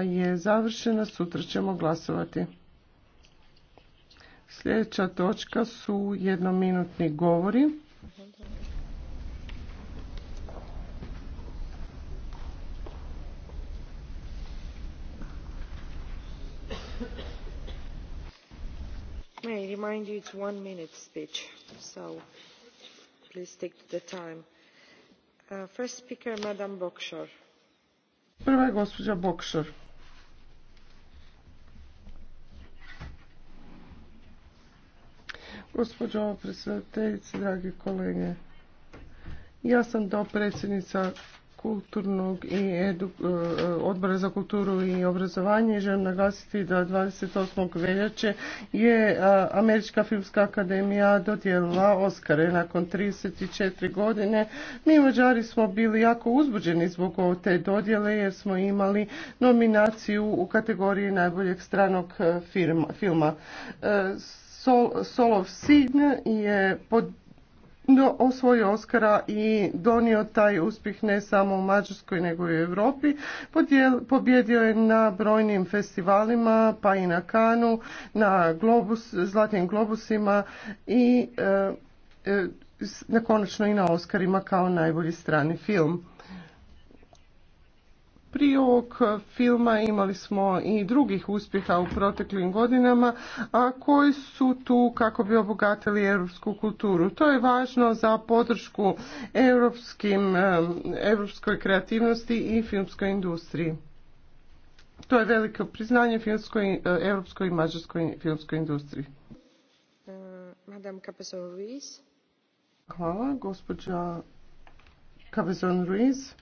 je završena, sutra ćemo glasovati. Sljedeća točka su jednominutni govori. May I remind you it's one minute speech, so please stick to the time. Uh, first speaker, Madam Bokshor. Prva je gospođa Bokshor. Gospođo predsjedateljice, dragi kolege. Ja sam dopredsjednica kulturnog i e, odbora za kulturu i obrazovanje i želim naglasiti da 28. veljače je Američka filmska akademija dodijelila Oskare nakon 34 godine. Mi Mađari smo bili jako uzbuđeni zbog te dodjele jer smo imali nominaciju u kategoriji najboljeg stranog e, filma filma. E, Sol, Solov sin je pod, osvojio Oskara i donio taj uspjeh ne samo u Mađarskoj nego i u Europi. pobjedio je na brojnim festivalima, pa i na Kanu, na globus, Zlatnim globusima i e, e konačno i na Oskarima kao najbolji strani film. Prije ovog filma imali smo i drugih uspjeha u proteklim godinama, a koji su tu kako bi obogatili europsku kulturu. To je važno za podršku europskoj kreativnosti i filmskoj industriji. To je veliko priznanje filmskoj, e, europskoj i mađarskoj filmskoj industriji. E, madame Ruiz. Hvala, gospođa Cabezon Ruiz.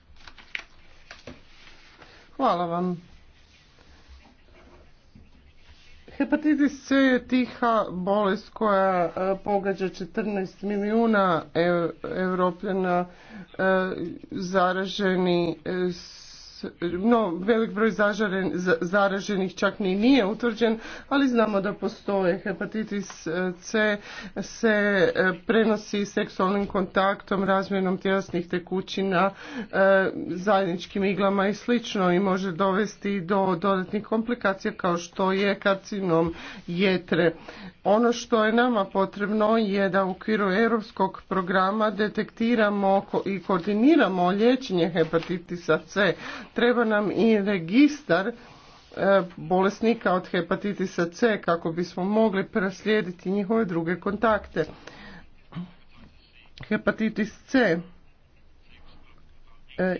Hvala vam. Hepatitis C je tiha bolest koja e, pogađa 14 milijuna evropljena e, zaraženi s e, no velik broj zaraženih čak ni nije utvrđen, ali znamo da postoje. Hepatitis e, C se e, prenosi seksualnim kontaktom, razmjenom tjelesnih tekućina, e, zajedničkim iglama i slično i može dovesti do dodatnih komplikacija kao što je karcinom jetre. Ono što je nama potrebno je da u okviru europskog programa detektiramo i koordiniramo liječenje hepatitisa C. Treba nam i registar e, bolesnika od hepatitisa C kako bismo mogli preslijediti njihove druge kontakte. Hepatitis C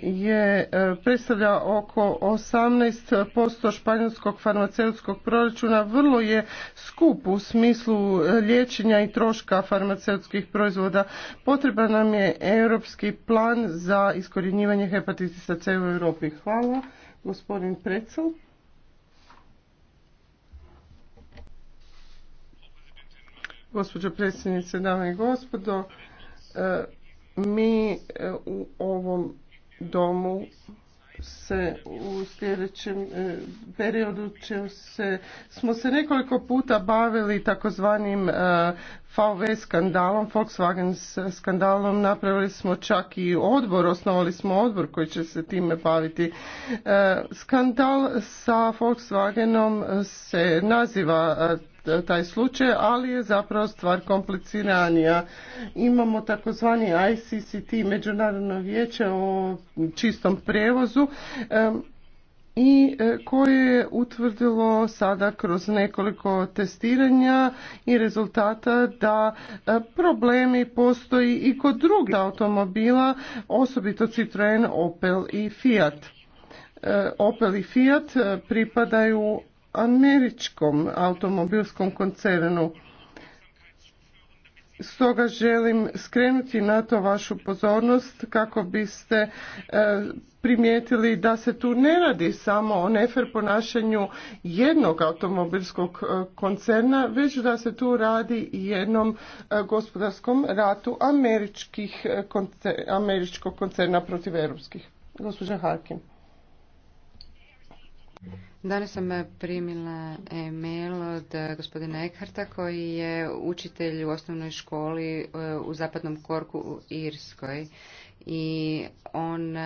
je e, predstavlja oko 18% španjolskog farmaceutskog proračuna, vrlo je skup u smislu e, liječenja i troška farmaceutskih proizvoda. Potreba nam je europski plan za iskorjenjivanje hepatitisa C u Europi. Hvala. Gospodin Precel. Gospođo predsjednice, dame i gospodo, e, mi u ovom domu se u sljedećem e, periodu će se, smo se nekoliko puta bavili takozvanim VV e, skandalom, Volkswagen skandalom, napravili smo čak i odbor, osnovali smo odbor koji će se time baviti. E, skandal sa Volkswagenom se naziva E, taj slučaj, ali je zapravo stvar kompliciranija. Imamo takozvani ICCT, Međunarodno vijeće o čistom prevozu e, i e, koje je utvrdilo sada kroz nekoliko testiranja i rezultata da problemi postoji i kod drugih automobila, osobito Citroen, Opel i Fiat. Opel i Fiat pripadaju američkom automobilskom koncernu. Stoga želim skrenuti na to vašu pozornost kako biste e, primijetili da se tu ne radi samo o nefer ponašanju jednog automobilskog e, koncerna, već da se tu radi i jednom e, gospodarskom ratu američkih, američkog koncerna protiv europskih. Gospođa Harkin. Danas sam eh, primila e-mail od eh, gospodina Eckharta koji je učitelj u osnovnoj školi eh, u zapadnom korku u Irskoj i on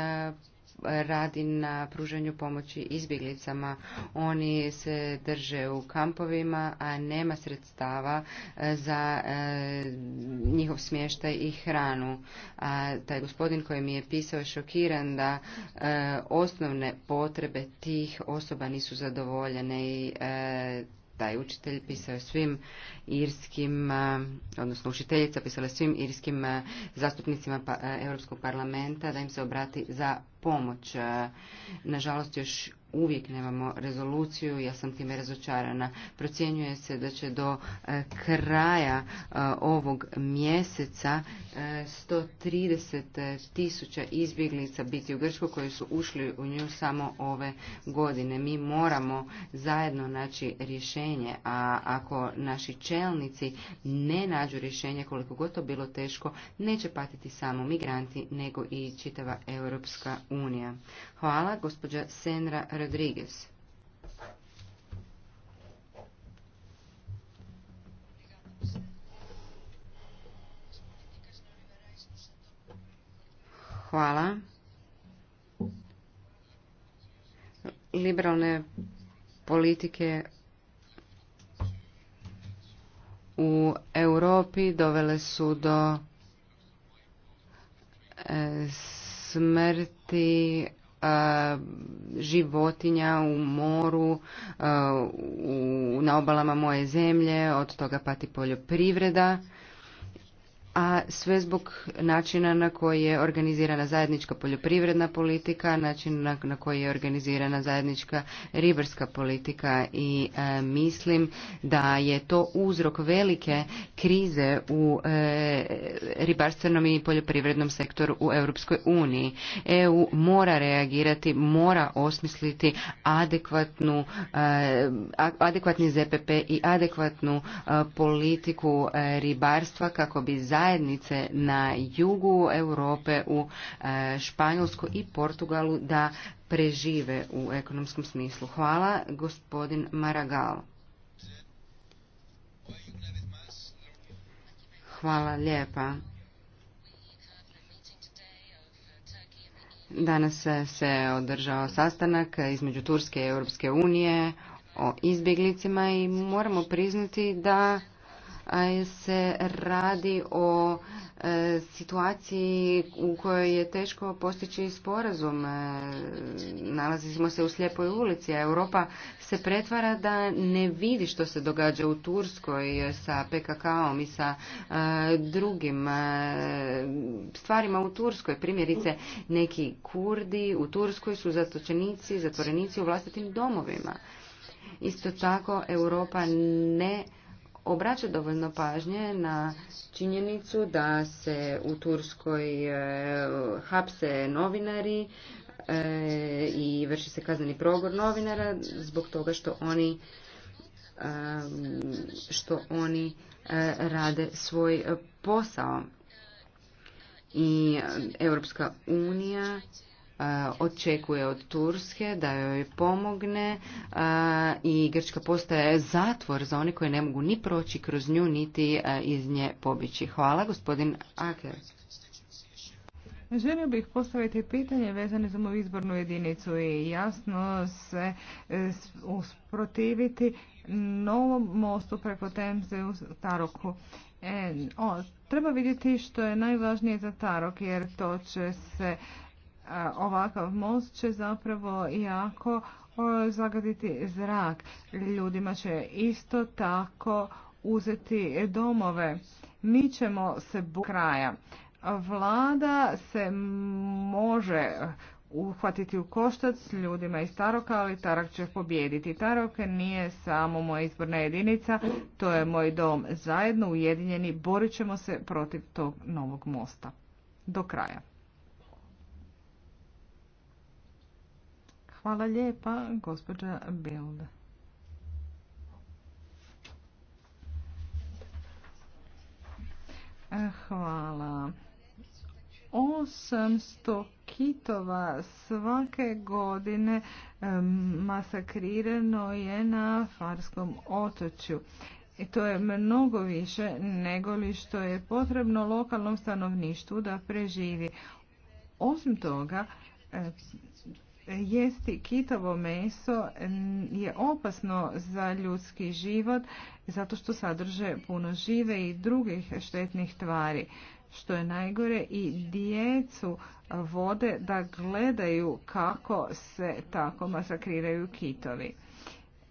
radi na pružanju pomoći izbjeglicama. Oni se drže u kampovima, a nema sredstava e, za e, njihov smještaj i hranu. A taj gospodin koji mi je pisao je šokiran da e, osnovne potrebe tih osoba nisu zadovoljene i taj učitelj pisao svim irskim, odnosno učiteljica pisala svim irskim zastupnicima pa, Europskog parlamenta da im se obrati za pomoć. E, nažalost, još uvijek nemamo rezoluciju, ja sam time razočarana. Procjenjuje se da će do e, kraja e, ovog mjeseca 130 tisuća izbjeglica biti u Grčkoj koji su ušli u nju samo ove godine. Mi moramo zajedno naći rješenje, a ako naši čelnici ne nađu rješenje koliko god to bilo teško, neće patiti samo migranti, nego i čitava Europska unija. Hvala, gospođa Senra Rodriguez. Hvala. Liberalne politike u Europi dovele su do e, smrti životinja u moru, na obalama moje zemlje, od toga pati poljoprivreda a sve zbog načina na koji je organizirana zajednička poljoprivredna politika, način na, koji je organizirana zajednička ribarska politika i e, mislim da je to uzrok velike krize u e, ribarstvenom i poljoprivrednom sektoru u Europskoj uniji. EU mora reagirati, mora osmisliti adekvatnu e, adekvatni ZPP i adekvatnu politiku ribarstva kako bi za zajednice na jugu Europe u e, Španjolsku i Portugalu da prežive u ekonomskom smislu. Hvala gospodin Maragal. Hvala lijepa. Danas se održao sastanak između Turske i Europske unije o izbjeglicima i moramo priznati da se radi o e, situaciji u kojoj je teško postići sporazum. E, nalazimo se u slijepoj ulici, a Europa se pretvara da ne vidi što se događa u Turskoj sa PKK-om i sa e, drugim stvarima u Turskoj. Primjerice, neki Kurdi u Turskoj su zatočenici, zatvorenici u vlastitim domovima. Isto tako, Europa ne obraća dovoljno pažnje na činjenicu da se u Turskoj e, hapse novinari e, i vrši se kazneni progor novinara zbog toga što oni e, što oni rade svoj posao. I Europska unija Eh, očekuje od Turske da joj pomogne eh, i Grčka postaje zatvor za one koji ne mogu ni proći kroz nju niti eh, iz nje pobići. Hvala gospodin Aker. Želio bih postaviti pitanje vezane za moju izbornu jedinicu i jasno se usprotiviti novom mostu preko Temze u Taroku. treba vidjeti što je najvažnije za Tarok jer to će se ovakav most će zapravo jako e, zagaditi zrak. Ljudima će isto tako uzeti domove. Mi ćemo se do kraja. Vlada se može uhvatiti u koštac s ljudima iz Taroka, ali Tarok će pobijediti. Tarok nije samo moja izborna jedinica, to je moj dom. Zajedno ujedinjeni borit ćemo se protiv tog novog mosta. Do kraja. Hvala lijepa, gospođa Bild. E, hvala. 800 kitova svake godine e, masakrirano je na Farskom otočju. I to je mnogo više nego li što je potrebno lokalnom stanovništvu da preživi. Osim toga, e, jesti kitovo meso je opasno za ljudski život zato što sadrže puno žive i drugih štetnih tvari. Što je najgore i djecu vode da gledaju kako se tako masakriraju kitovi.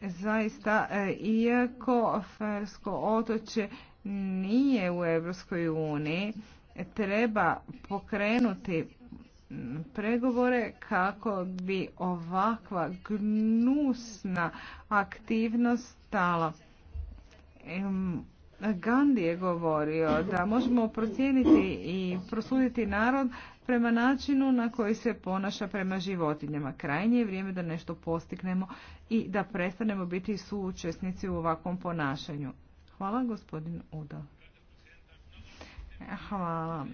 Zaista, e, iako Fersko otoče nije u Europskoj uniji, treba pokrenuti pregovore kako bi ovakva gnusna aktivnost stala. Gandhi je govorio da možemo procijeniti i prosuditi narod prema načinu na koji se ponaša prema životinjama. Krajnje je vrijeme da nešto postignemo i da prestanemo biti suučesnici u ovakvom ponašanju. Hvala gospodin Uda. Hvala.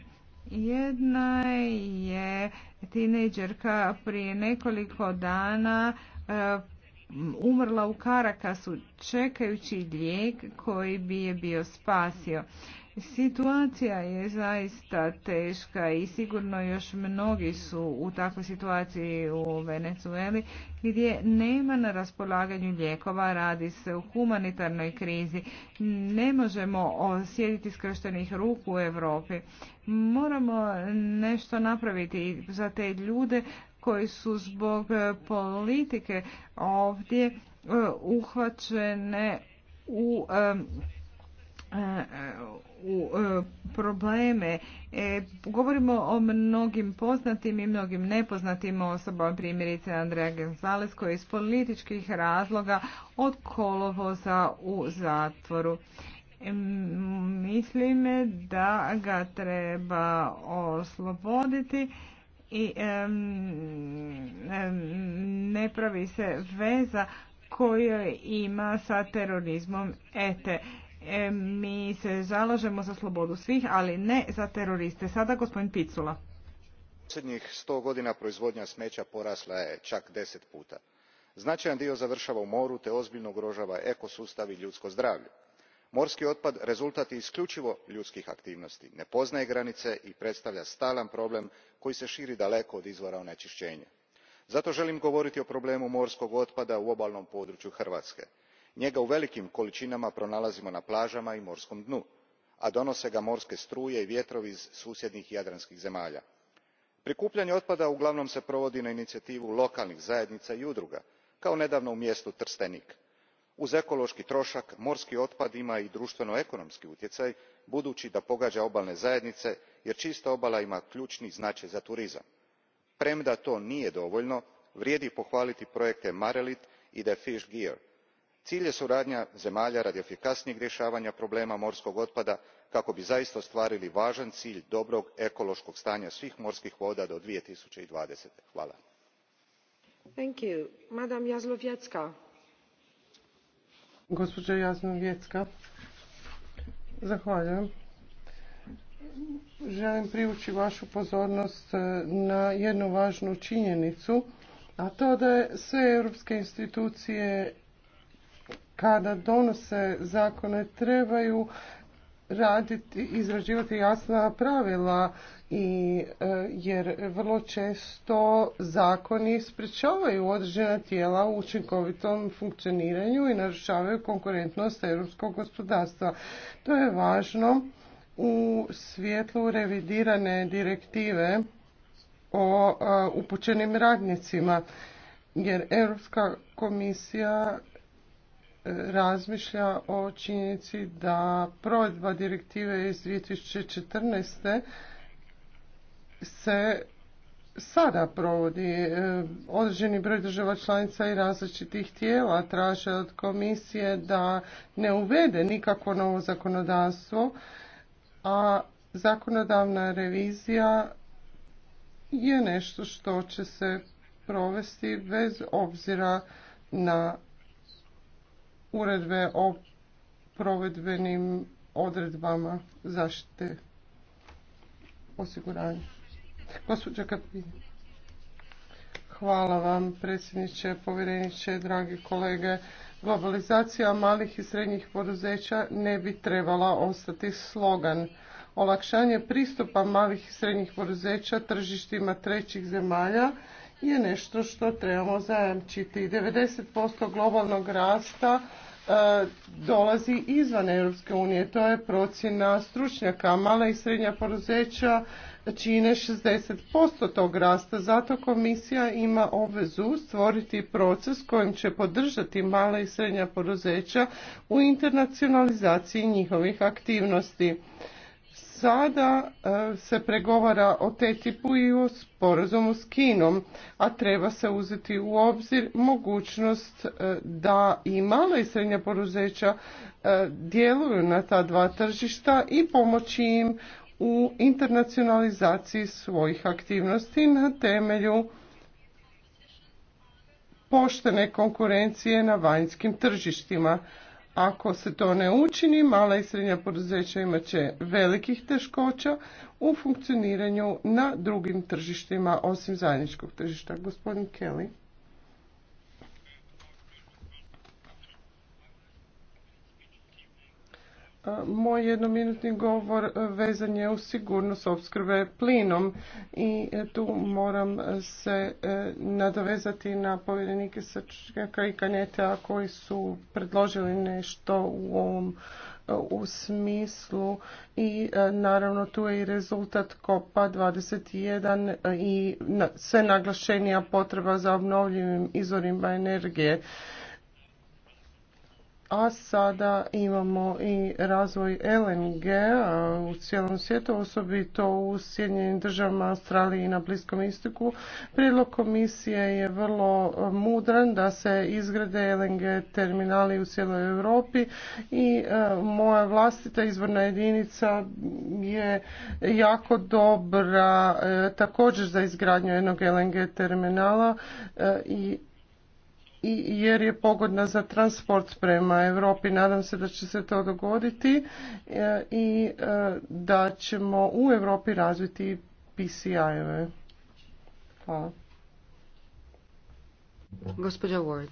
Jedna Tineđerka prije nekoliko dana e, umrla u Karakasu čekajući lijek koji bi je bio spasio. Situacija je zaista teška i sigurno još mnogi su u takvoj situaciji u Venezueli gdje nema na raspolaganju lijekova, radi se o humanitarnoj krizi. Ne možemo sjediti skrštenih ruku u Europi. Moramo nešto napraviti za te ljude koji su zbog politike ovdje e, uhvaćene u u e, probleme. E, govorimo o mnogim poznatim i mnogim nepoznatim osobama, primjerice Andreja Genzales koji iz političkih razloga od kolovoza u zatvoru. Mislim da ga treba osloboditi i ne pravi se veza koju ima sa terorizmom ETE E, mi se zalažemo za slobodu svih, ali ne za teroriste. Sada gospodin Picula. Posljednjih sto godina proizvodnja smeća porasla je čak deset puta. Značajan dio završava u moru te ozbiljno ugrožava ekosustav i ljudsko zdravlje. Morski otpad rezultat je isključivo ljudskih aktivnosti, ne poznaje granice i predstavlja stalan problem koji se širi daleko od izvora onečišćenja. Zato želim govoriti o problemu morskog otpada u obalnom području Hrvatske njega u velikim količinama pronalazimo na plažama i morskom dnu a donose ga morske struje i vjetrovi iz susjednih jadranskih zemalja. prikupljanje otpada uglavnom se provodi na inicijativu lokalnih zajednica i udruga kao nedavno u mjestu trstenik. uz ekološki trošak morski otpad ima i društveno ekonomski utjecaj budući da pogađa obalne zajednice jer čista obala ima ključni značaj za turizam. premda to nije dovoljno vrijedi pohvaliti projekte marelit i the fish gear cilj je suradnja zemalja radi efikasnijeg rješavanja problema morskog otpada kako bi zaista ostvarili važan cilj dobrog ekološkog stanja svih morskih voda do. two thousand and twenty želim privući vašu pozornost e, na jednu važnu činjenicu a to da sve europske institucije kada donose zakone trebaju raditi, izrađivati jasna pravila i e, jer vrlo često zakoni sprečavaju određena tijela u učinkovitom funkcioniranju i narušavaju konkurentnost europskog gospodarstva. To je važno u svjetlu revidirane direktive o e, upućenim radnicima jer Europska komisija razmišlja o činjenici da provedba direktive iz 2014. se sada provodi. E, određeni broj država članica i različitih tijela traže od komisije da ne uvede nikako novo zakonodavstvo, a zakonodavna revizija je nešto što će se provesti bez obzira na uredbe o provedbenim odredbama zaštite osiguranja. Hvala vam, predsjedniče, povjereniče, dragi kolege. Globalizacija malih i srednjih poduzeća ne bi trebala ostati slogan. Olakšanje pristupa malih i srednjih poduzeća tržištima trećih zemalja je nešto što trebamo zajamčiti. 90% globalnog rasta e, dolazi izvan Europske unije. To je procjena stručnjaka. Mala i srednja poduzeća čine 60% tog rasta. Zato komisija ima obvezu stvoriti proces kojim će podržati mala i srednja poduzeća u internacionalizaciji njihovih aktivnosti. Sada e, se pregovara o TTIP-u i o sporazumu s Kinom, a treba se uzeti u obzir mogućnost e, da i mala i srednja poduzeća e, djeluju na ta dva tržišta i pomoći im u internacionalizaciji svojih aktivnosti na temelju poštene konkurencije na vanjskim tržištima ako se to ne učini, mala i srednja poduzeća imat će velikih teškoća u funkcioniranju na drugim tržištima osim zajedničkog tržišta. Gospodin Kelly. Moj jednominutni govor vezan je u sigurnost opskrbe plinom i e, tu moram se e, nadovezati na povjerenike Srčka i Kaneta koji su predložili nešto u ovom e, u smislu i naravno tu je i rezultat kopa 21 i sve naglašenija potreba za obnovljivim izvorima energije a sada imamo i razvoj LNG u cijelom svijetu, osobito u Sjedinjenim državama, Australiji i na Bliskom istoku. Prijedlog komisije je vrlo mudran da se izgrade LNG terminali u cijeloj Europi i moja vlastita izvorna jedinica je jako dobra e, također za izgradnju jednog LNG terminala e, i i jer je pogodna za transport prema Europi. Nadam se da će se to dogoditi e, i e, da ćemo u Europi razviti PCI-eve. Hvala. Gospođa Ward.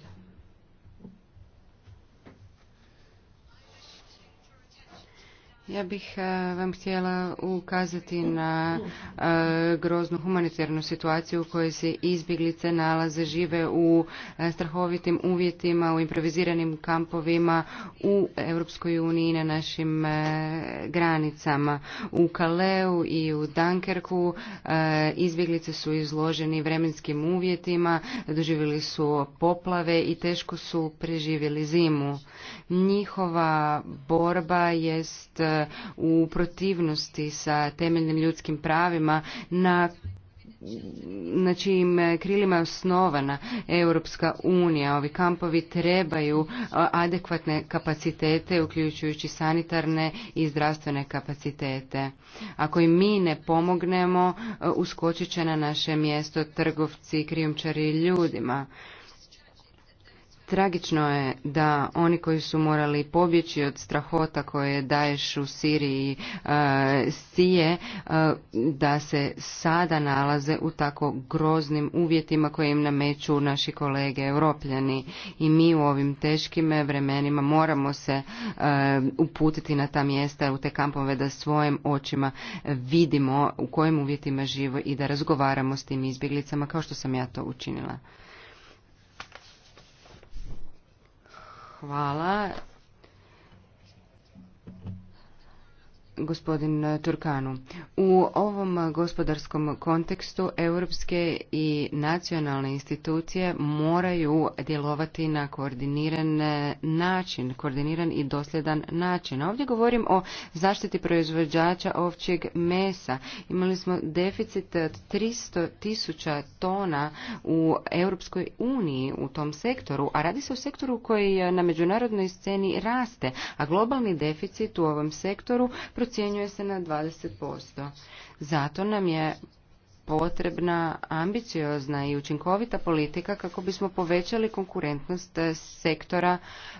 Ja bih e, vam htjela ukazati na e, groznu humanitarnu situaciju u kojoj se izbjeglice nalaze, žive u e, strahovitim uvjetima, u improviziranim kampovima u Europskoj uniji na našim granicama. U Kaleu i u Dunkerku izbjeglice su izloženi vremenskim uvjetima, doživjeli su poplave i teško su preživjeli zimu. Njihova borba jest u protivnosti sa temeljnim ljudskim pravima na čijim e, krilima je osnovana Europska unija. Ovi kampovi trebaju e, adekvatne kapacitete, uključujući sanitarne i zdravstvene kapacitete. Ako im mi ne pomognemo, e, uskočit će na naše mjesto trgovci, krijumčari ljudima. Tragično je da oni koji su morali pobjeći od strahota koje daješ u Siriji e, sije, e, da se sada nalaze u tako groznim uvjetima koje im nameću naši kolege europljani. I mi u ovim teškim vremenima moramo se e, uputiti na ta mjesta u te kampove da svojim očima vidimo u kojim uvjetima živo i da razgovaramo s tim izbjeglicama kao što sam ja to učinila. Hvala gospodin Turkanu. U ovom gospodarskom kontekstu europske i nacionalne institucije moraju djelovati na koordiniran način, koordiniran i dosljedan način. ovdje govorim o zaštiti proizvođača ovčjeg mesa. Imali smo deficit 300 tisuća tona u Europskoj uniji u tom sektoru, a radi se o sektoru koji na međunarodnoj sceni raste, a globalni deficit u ovom sektoru procjenjuje se na 20%. Zato nam je potrebna ambiciozna i učinkovita politika kako bismo povećali konkurentnost sektora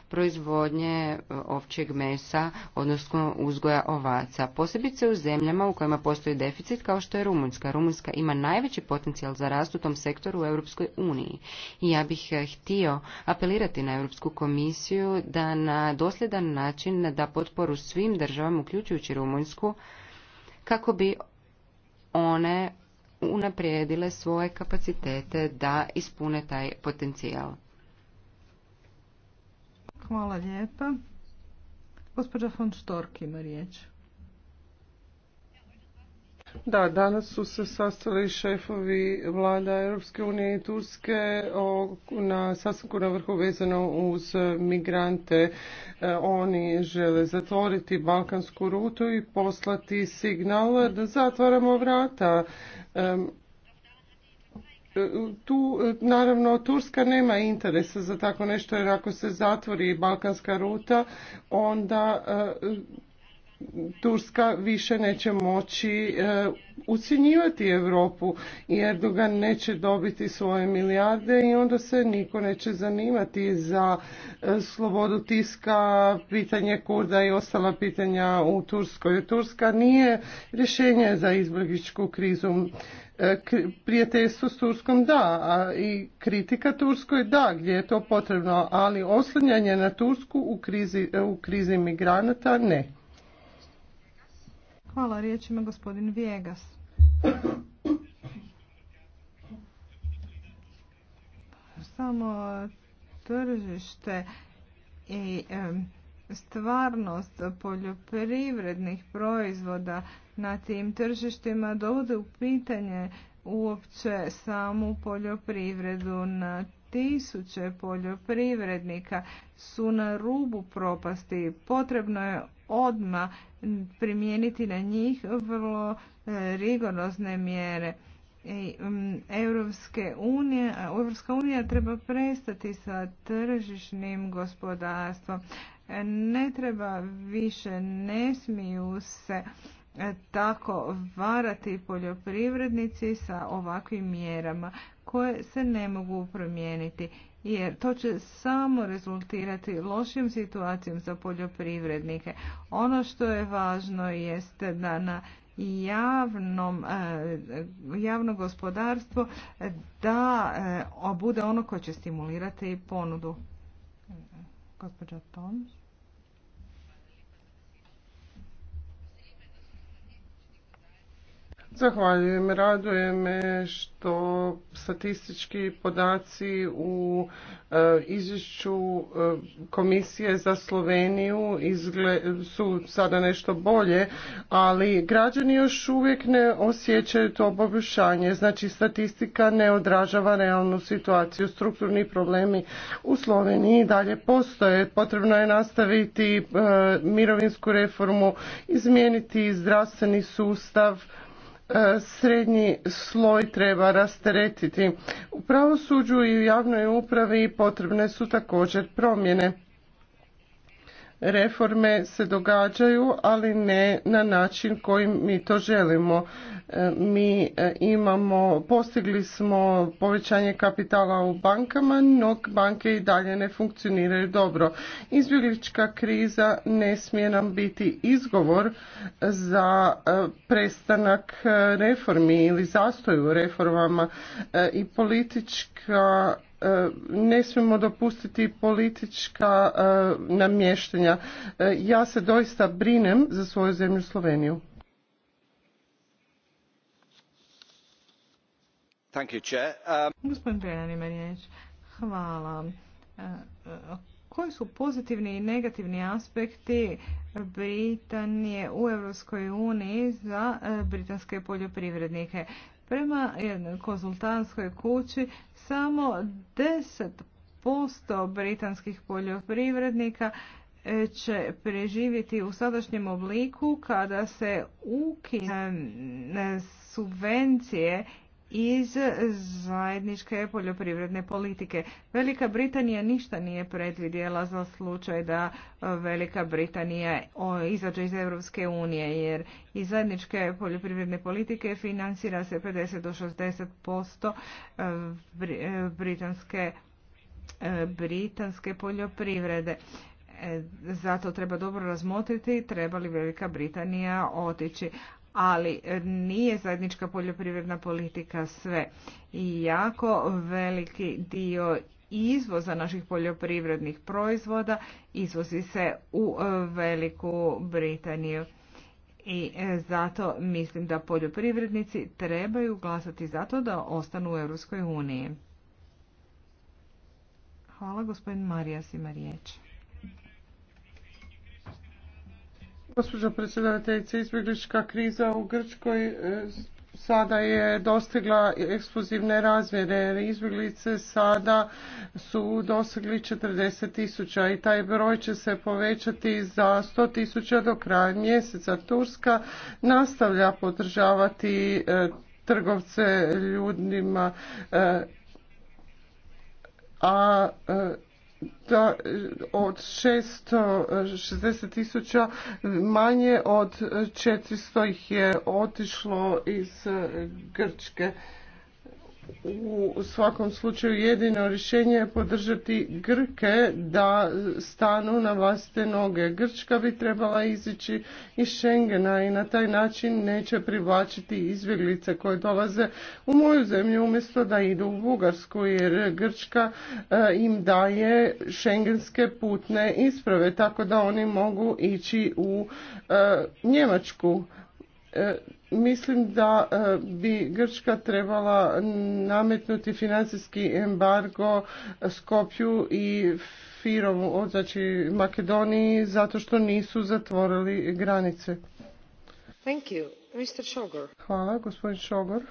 proizvodnje e, ovčjeg mesa, odnosno uzgoja ovaca. Posebice u zemljama u kojima postoji deficit kao što je Rumunjska. Rumunjska ima najveći potencijal za rast u tom sektoru u Europskoj uniji. I ja bih e, htio apelirati na Europsku komisiju da na dosljedan način da potporu svim državama, uključujući Rumunjsku, kako bi one unaprijedile svoje kapacitete da ispune taj potencijal. Hvala lijepa. Gospođa von Štork ima riječ. Da, danas su se sastali šefovi vlada Europske unije i Turske na sastanku na vrhu vezano uz migrante. E, oni žele zatvoriti balkansku rutu i poslati signal da zatvaramo vrata. E, tu, naravno, Turska nema interesa za tako nešto, jer ako se zatvori balkanska ruta, onda e, Turska više neće moći e, ucinjivati Europu i Erdogan neće dobiti svoje milijarde i onda se niko neće zanimati za e, slobodu tiska, pitanje Kurda i ostala pitanja u Turskoj. Turska nije rješenje za izbjegličku krizu e, prijateljstvo s Turskom da, a i kritika Turskoj da, gdje je to potrebno, ali oslanjanje na Tursku u krizi, u krizi migranata ne. Hvala, riječ ima gospodin Vijegas. Samo tržište i stvarnost poljoprivrednih proizvoda na tim tržištima dovode u pitanje uopće samu poljoprivredu na tisuće poljoprivrednika su na rubu propasti. Potrebno je odma primijeniti na njih vrlo e, rigorozne mjere. Europske unije, Europska unija treba prestati sa tržišnim gospodarstvom. E, ne treba više, ne smiju se e, tako varati poljoprivrednici sa ovakvim mjerama koje se ne mogu promijeniti jer to će samo rezultirati lošim situacijom za poljoprivrednike. Ono što je važno jeste da na javnom, e, javno gospodarstvo da e, bude ono koje će stimulirati ponudu. Gospođa Tomić. Zahvaljujem. Raduje me što statistički podaci u e, izvješću e, komisije za Sloveniju su sada nešto bolje, ali građani još uvijek ne osjećaju to poboljšanje. Znači statistika ne odražava realnu situaciju. Strukturni problemi u Sloveniji dalje postoje. Potrebno je nastaviti e, mirovinsku reformu, izmijeniti zdravstveni sustav, E, srednji sloj treba rasteretiti. U pravosuđu i u javnoj upravi potrebne su također promjene reforme se događaju, ali ne na način koji mi to želimo. E, mi e, imamo, postigli smo povećanje kapitala u bankama, no banke i dalje ne funkcioniraju dobro. Izbjeglička kriza ne smije nam biti izgovor za e, prestanak reformi ili zastoju u reformama i politička ne smijemo dopustiti politička e, namještenja. E, ja se doista brinem za svoju zemlju Sloveniju. Thank um, Gospodin Hvala. E, koji su pozitivni i negativni aspekti Britanije u Europskoj uniji za britanske poljoprivrednike? Prema jednoj konzultantskoj kući samo 10% britanskih poljoprivrednika e, će preživjeti u sadašnjem obliku kada se ukine e, subvencije iz zajedničke poljoprivredne politike. Velika Britanija ništa nije predvidjela za slučaj da Velika Britanija izađe iz Europske unije jer iz zajedničke poljoprivredne politike financira se 50 do 60% eh, eh, britanske eh, britanske poljoprivrede. Zato treba dobro razmotriti treba li Velika Britanija otići ali e, nije zajednička poljoprivredna politika sve. I jako veliki dio izvoza naših poljoprivrednih proizvoda izvozi se u e, Veliku Britaniju. I e, zato mislim da poljoprivrednici trebaju glasati za to da ostanu u Europskoj uniji. Hvala, gospodin Marija ima Gospođo predsjedateljice, izbjeglička kriza u Grčkoj e, sada je dostigla eksplozivne razmjere. Izbjeglice sada su dosegli 40 tisuća i taj broj će se povećati za 100 tisuća do kraja mjeseca. Turska nastavlja podržavati e, trgovce ljudima e, a da od 660 tisuća manje od 400 ih je otišlo iz Grčke u svakom slučaju jedino rješenje je podržati Grke da stanu na vlastite noge. Grčka bi trebala izići iz Schengena i na taj način neće privlačiti izbjeglice koje dolaze u moju zemlju umjesto da idu u Bugarsku jer Grčka eh, im daje šengenske putne isprave tako da oni mogu ići u eh, Njemačku eh, Mislim da e, bi Grčka trebala nametnuti financijski embargo Skopju i Firovu, znači Makedoniji, zato što nisu zatvorili granice. Hvala, gospodin Šogor.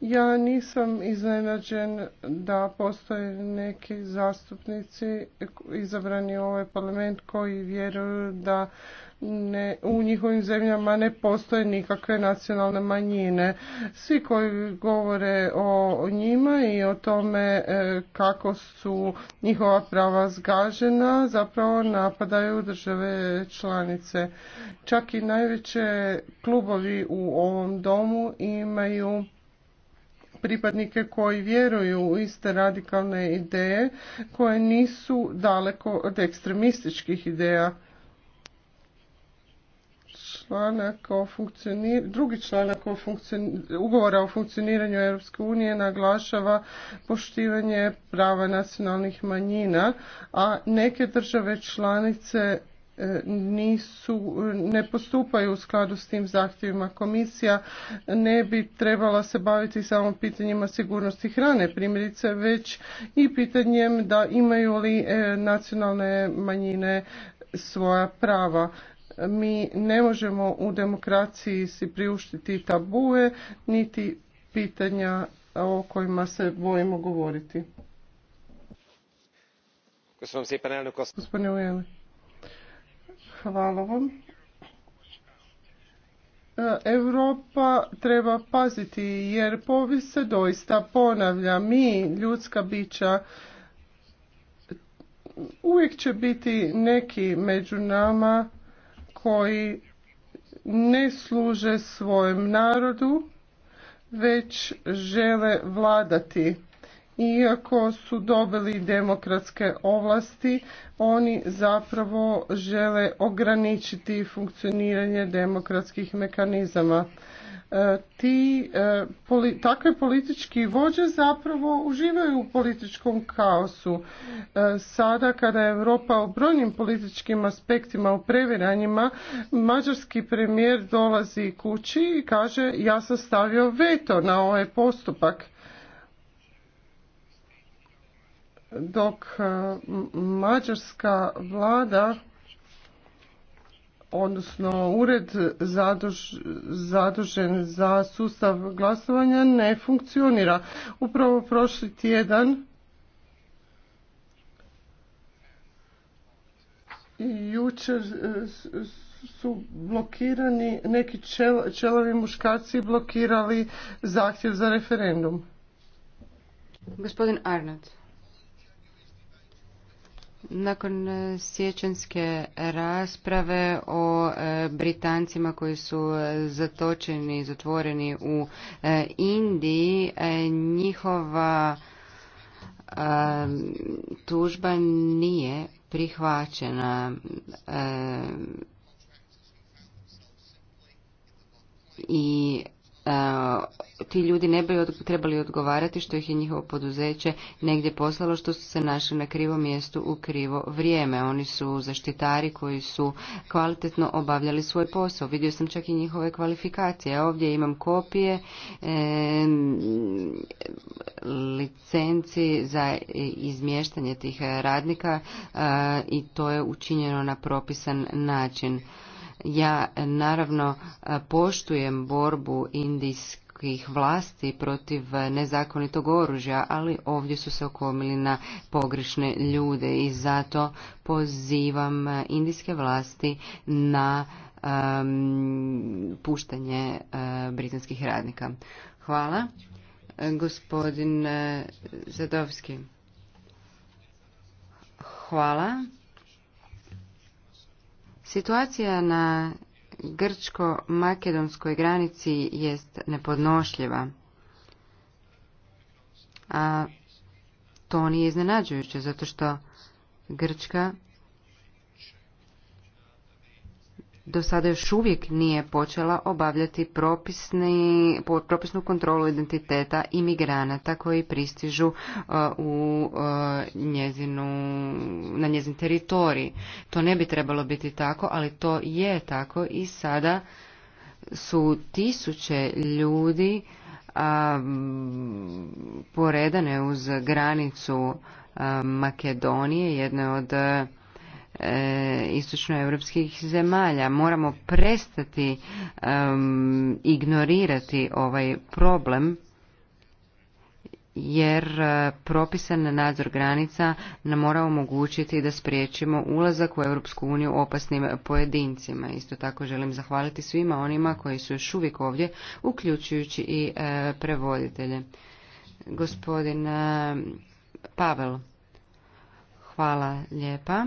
Ja nisam iznenađen da postoje neki zastupnici izabrani u ovaj parlament koji vjeruju da ne, u njihovim zemljama ne postoje nikakve nacionalne manjine. Svi koji govore o njima i o tome e, kako su njihova prava zgažena zapravo napadaju države članice. Čak i najveće klubovi u ovom domu imaju pripadnike koji vjeruju u iste radikalne ideje koje nisu daleko od ekstremističkih ideja. Članak o Drugi članak o ugovora o funkcioniranju Europske unije naglašava poštivanje prava nacionalnih manjina, a neke države članice nisu, ne postupaju u skladu s tim zahtjevima. Komisija ne bi trebala se baviti samo pitanjima sigurnosti hrane, primjerice, već i pitanjem da imaju li e, nacionalne manjine svoja prava mi ne možemo u demokraciji si priuštiti tabue niti pitanja o kojima se bojimo govoriti. Gospodine Ujeli. Hvala vam. E, Europa treba paziti jer povijest se doista ponavlja. Mi, ljudska bića, uvijek će biti neki među nama koji ne služe svojem narodu, već žele vladati iako su dobili demokratske ovlasti, oni zapravo žele ograničiti funkcioniranje demokratskih mekanizama. E, ti, e, takve politički vođe zapravo uživaju u političkom kaosu. E, sada kada je Europa u brojnim političkim aspektima u previranjima, mađarski premijer dolazi kući i kaže ja sam stavio veto na ovaj postupak dok e, mađarska vlada odnosno ured zadužen za sustav glasovanja ne funkcionira. Upravo prošli tjedan i jučer e, su blokirani neki čel, čelovi muškarci blokirali zahtjev za referendum. Gospodin Arnac. Nakon e, sjećanske rasprave o e, Britancima koji su e, zatočeni, zatvoreni u Indiji, njihova tužba nije prihvaćena i ti ljudi ne bi trebali odgovarati što ih je njihovo poduzeće negdje poslalo što su se našli na krivom mjestu u krivo vrijeme. Oni su zaštitari koji su kvalitetno obavljali svoj posao. Vidio sam čak i njihove kvalifikacije. Ovdje imam kopije e, licenci za izmještanje tih radnika i to je učinjeno na propisan način. Ja naravno poštujem borbu indijskih vlasti protiv nezakonitog oružja, ali ovdje su se okomili na pogrešne ljude i zato pozivam indijske vlasti na puštanje eh, britanskih radnika. Hvala. Gospodin eh, Zadovski. Hvala. Situacija na grčko-makedonskoj granici jest nepodnošljiva. A to nije iznenađujuće, zato što Grčka do sada još uvijek nije počela obavljati propisnu kontrolu identiteta imigranata koji pristižu uh, u uh, njezinu, na njezin teritorij. To ne bi trebalo biti tako, ali to je tako i sada su tisuće ljudi um, poredane uz granicu uh, Makedonije, jedne od E, istočnoevropskih zemalja. Moramo prestati ignorirati ovaj problem jer e, propisan nadzor granica nam mora omogućiti da spriječimo ulazak u Europsku uniju opasnim pojedincima. Isto tako želim zahvaliti svima onima koji su još uvijek ovdje, uključujući i e, prevoditelje. Gospodin Pavel, hvala lijepa.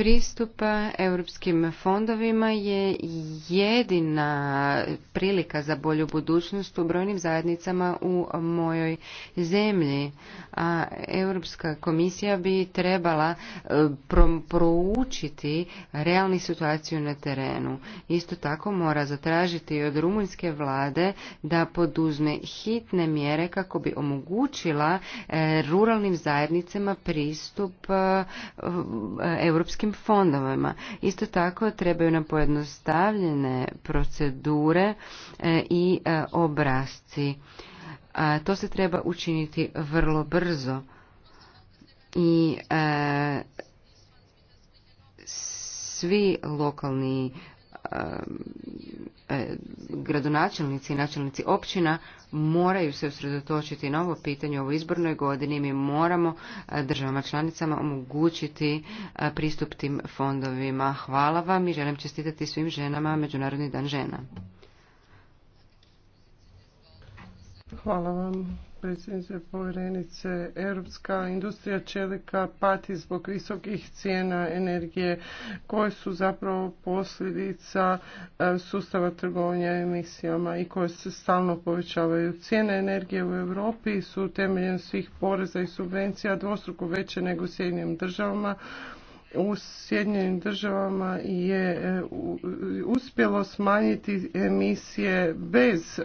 pristupa europskim fondovima je jedina prilika za bolju budućnost u brojnim zajednicama u mojoj zemlji. A Europska komisija bi trebala e, proučiti realnu situaciju na terenu. Isto tako mora zatražiti od rumunjske vlade da poduzme hitne mjere kako bi omogućila e, ruralnim zajednicama pristup e, europskim fondovima. Isto tako trebaju nam pojednostavljene procedure e, i e, obrazci. To se treba učiniti vrlo brzo i e, svi lokalni E, gradonačelnici i načelnici općina moraju se usredotočiti na ovo pitanje u ovoj izbornoj godini. Mi moramo e, državama članicama omogućiti e, pristup tim fondovima. Hvala vam i želim čestitati svim ženama Međunarodni dan žena. Hvala vam predsjednice povjerenice, europska industrija čelika pati zbog visokih cijena energije koje su zapravo posljedica e, sustava trgovanja emisijama i koje se stalno povećavaju. Cijene energije u Europi su temeljem svih poreza i subvencija dvostruko veće nego u Sjedinjenim državama u Sjedinjenim državama je e, uspjelo smanjiti emisije bez e,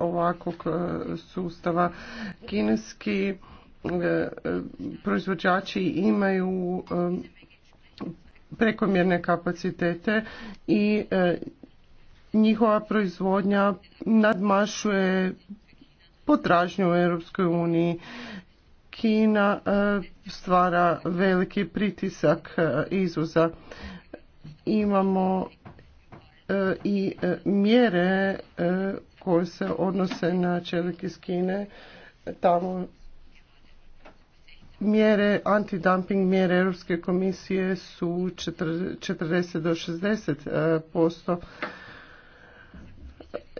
ovakvog e, sustava. Kineski proizvođači imaju prekomjerne kapacitete i njihova proizvodnja nadmašuje potražnju u Europskoj uniji. Kina e, stvara veliki pritisak e, izuza. Imamo e, i mjere koje se odnose na čelik iz Kine, tamo mjere, antidumping mjere Europske komisije su 40 do 60 posto.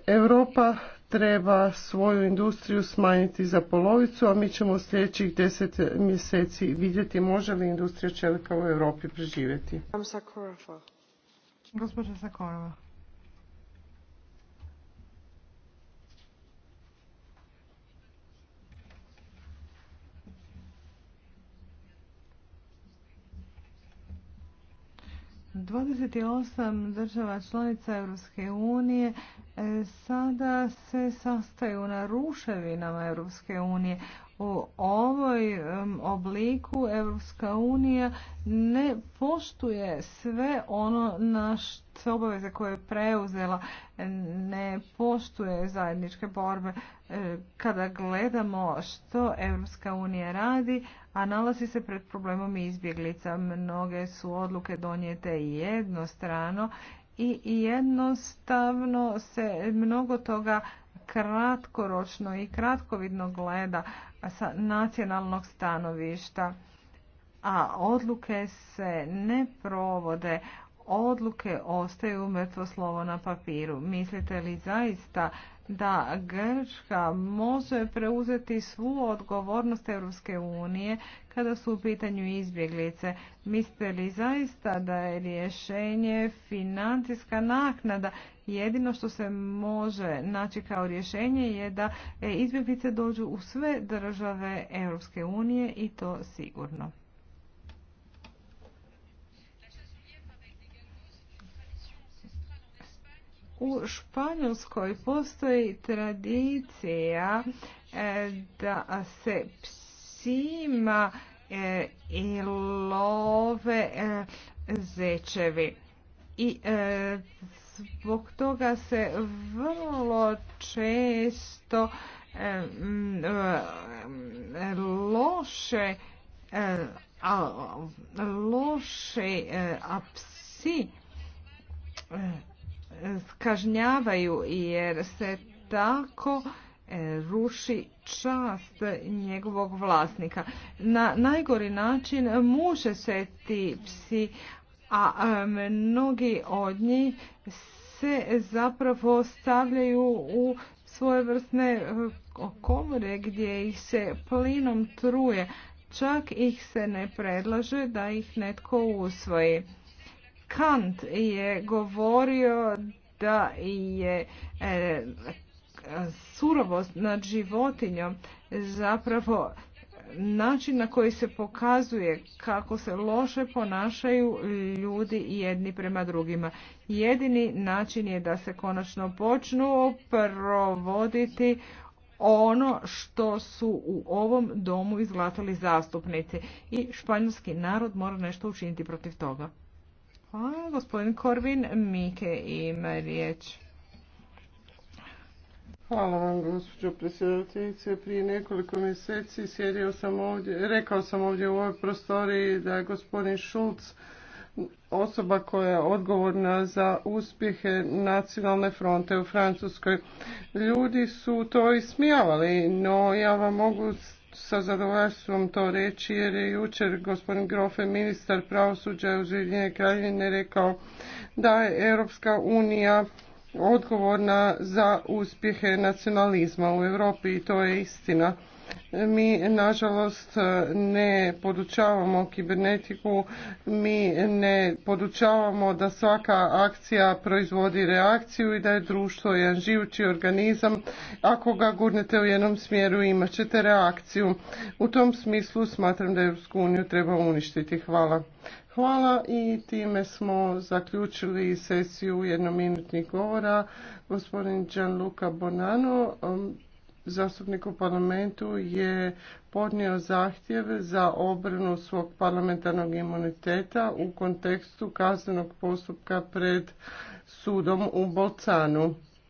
Europa treba svoju industriju smanjiti za polovicu, a mi ćemo u sljedećih deset mjeseci vidjeti može li industrija čelika u Europi preživjeti. Sakorova. 28 država članica Europske unije e, sada se sastaju na ruševinama Europske unije u ovoj obliku Evropska unija ne poštuje sve ono na što obaveze koje je preuzela, ne poštuje zajedničke borbe. E, kada gledamo što Evropska unija radi, a nalazi se pred problemom izbjeglica, mnoge su odluke donijete jednostrano i jednostavno se mnogo toga kratkoročno i kratkovidno gleda sa nacionalnog stanovišta, a odluke se ne provode odluke ostaju mrtvo slovo na papiru. Mislite li zaista da Grčka može preuzeti svu odgovornost Europske unije kada su u pitanju izbjeglice? Mislite li zaista da je rješenje financijska naknada? Jedino što se može naći kao rješenje je da izbjeglice dođu u sve države Europske unije i to sigurno. U Španjolskoj postoji tradicija e, da se psima e, i love e, zečevi. I zbog toga se vrlo često loše loše a psi kažnjavaju jer se tako e, ruši čast njegovog vlasnika. Na najgori način muše se ti psi, a mnogi od njih se zapravo stavljaju u vrsne e, komore gdje ih se plinom truje. Čak ih se ne predlaže da ih netko usvoji. Kant je govorio da je e, surovost nad životinjom zapravo način na koji se pokazuje kako se loše ponašaju ljudi jedni prema drugima. Jedini način je da se konačno počnu provoditi ono što su u ovom domu izglasali zastupnici i španjolski narod mora nešto učiniti protiv toga. Hvala. Gospodin Korvin Mike ima riječ. Hvala vam, gospođo predsjedateljice. Prije nekoliko mjeseci sjedio sam ovdje, rekao sam ovdje u ovoj prostoriji da je gospodin Šulc osoba koja je odgovorna za uspjehe nacionalne fronte u Francuskoj. Ljudi su to ismijavali, no ja vam mogu sa zadovoljstvom to reći jer je jučer gospodin Grofe, ministar pravosuđa u Zvijedine rekao da je Europska unija odgovorna za uspjehe nacionalizma u Europi i to je istina mi nažalost ne podučavamo kibernetiku, mi ne podučavamo da svaka akcija proizvodi reakciju i da je društvo jedan živući organizam. Ako ga gurnete u jednom smjeru imat ćete reakciju. U tom smislu smatram da Europsku uniju treba uništiti. Hvala. Hvala i time smo zaključili sesiju jednominutnih govora. Gospodin Gianluca Bonano, um, zastupnik u parlamentu je podnio zahtjev za obranu svog parlamentarnog imuniteta u kontekstu kaznenog postupka pred sudom u Bolcanu.